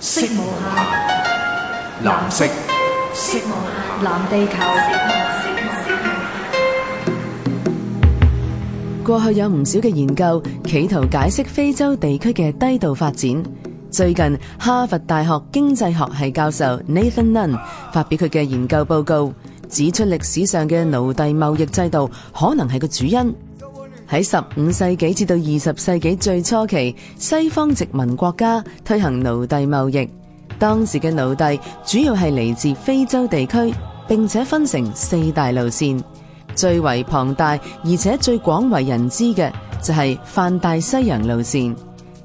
色無下藍色，藍色無下藍地球。過去有唔少嘅研究，企圖解釋非洲地區嘅低度發展。最近，哈佛大學經濟學系教授 Nathan Nunn，發表佢嘅研究報告，指出歷史上嘅奴隸貿易制度可能係個主因。喺十五世紀至到二十世紀最初期，西方殖民國家推行奴隸貿易。當時嘅奴隸主要係嚟自非洲地區，並且分成四大路線。最為龐大而且最廣為人知嘅就係泛大西洋路線。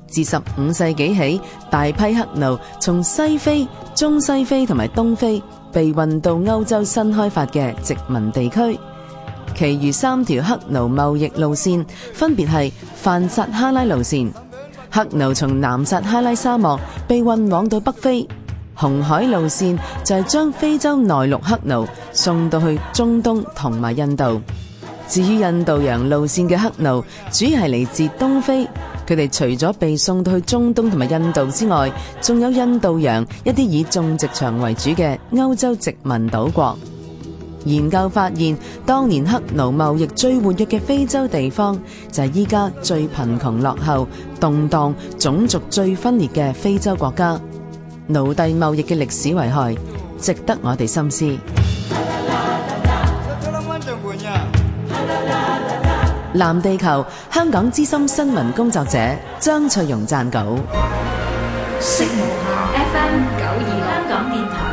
自十五世紀起，大批黑奴從西非、中西非同埋東非被運到歐洲新開發嘅殖民地區。其餘三條黑奴貿易路線，分別係泛撒哈拉路線。黑奴從南撒哈拉沙漠被運往到北非。紅海路線就係將非洲內陸黑奴送到去中東同埋印度。至於印度洋路線嘅黑奴主要係嚟自東非。佢哋除咗被送到去中東同埋印度之外，仲有印度洋一啲以種植場為主的歐洲殖民島國。研究發現，當年黑奴貿易最活躍嘅非洲地方，就係依家最貧窮、落後、動盪、種族最分裂嘅非洲國家。奴隸貿易嘅歷史危害，值得我哋深思。藍地球，香港資深新聞工作者張翠容撰稿。F M 九二六，香港電台。